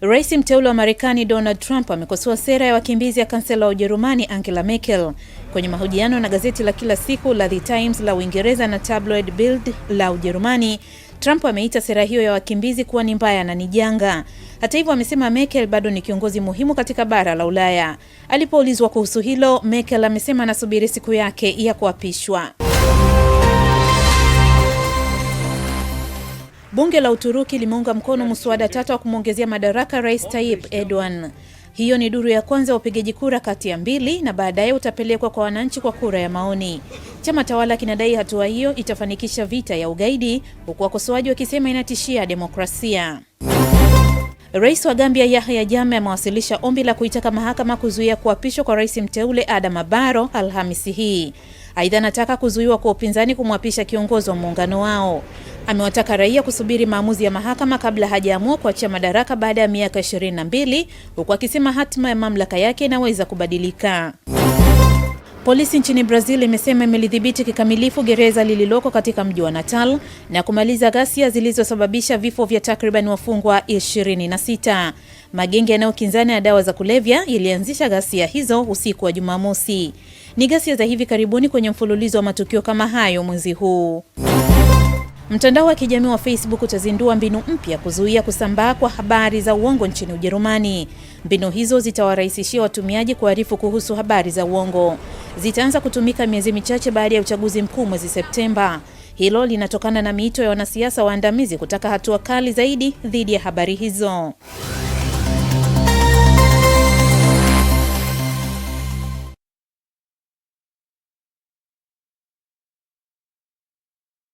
Rais mteule wa Marekani Donald Trump amekosoa sera ya wakimbizi ya kansela wa Ujerumani Angela Merkel. Kwenye mahojiano na gazeti la kila siku la The Times la Uingereza na tabloid Bild la Ujerumani, Trump ameita sera hiyo ya wakimbizi kuwa ni mbaya na ni janga. Hata hivyo, amesema Merkel bado ni kiongozi muhimu katika bara la Ulaya. Alipoulizwa kuhusu hilo, Merkel amesema anasubiri siku yake ya kuapishwa. Bunge la Uturuki limeunga mkono mswada tata wa kumwongezea madaraka Rais Tayyip Erdogan. Hiyo ni duru ya kwanza ya upigaji kura kati ya mbili na baadaye utapelekwa kwa wananchi kwa kura ya maoni. Chama tawala kinadai hatua hiyo itafanikisha vita ya ugaidi, huku wakosoaji wakisema inatishia demokrasia. Rais wa Gambia Yahya Jammeh amewasilisha ombi la kuitaka mahakama kuzuia kuapishwa kwa rais mteule Adama Barrow Alhamisi hii. Aidha, anataka kuzuiwa kwa upinzani kumwapisha kiongozi wa muungano wao amewataka raia kusubiri maamuzi ya mahakama kabla hajaamua kuachia madaraka baada ya miaka 22 huku akisema hatima ya mamlaka yake inaweza kubadilika. Polisi nchini Brazil imesema imelidhibiti kikamilifu gereza lililoko katika mji wa Natal na kumaliza ghasia zilizosababisha vifo vya takriban wafungwa 26. Magenge yanayokinzana ya dawa za kulevya ilianzisha ghasia hizo usiku wa Jumamosi. Ni ghasia za hivi karibuni kwenye mfululizo wa matukio kama hayo mwezi huu. Mtandao wa kijamii wa Facebook utazindua mbinu mpya kuzuia kusambaa kwa habari za uongo nchini Ujerumani. Mbinu hizo zitawarahisishia watumiaji kuarifu kuhusu habari za uongo. Zitaanza kutumika miezi michache baada ya uchaguzi mkuu mwezi Septemba. Hilo linatokana na miito ya wanasiasa waandamizi kutaka hatua kali zaidi dhidi ya habari hizo.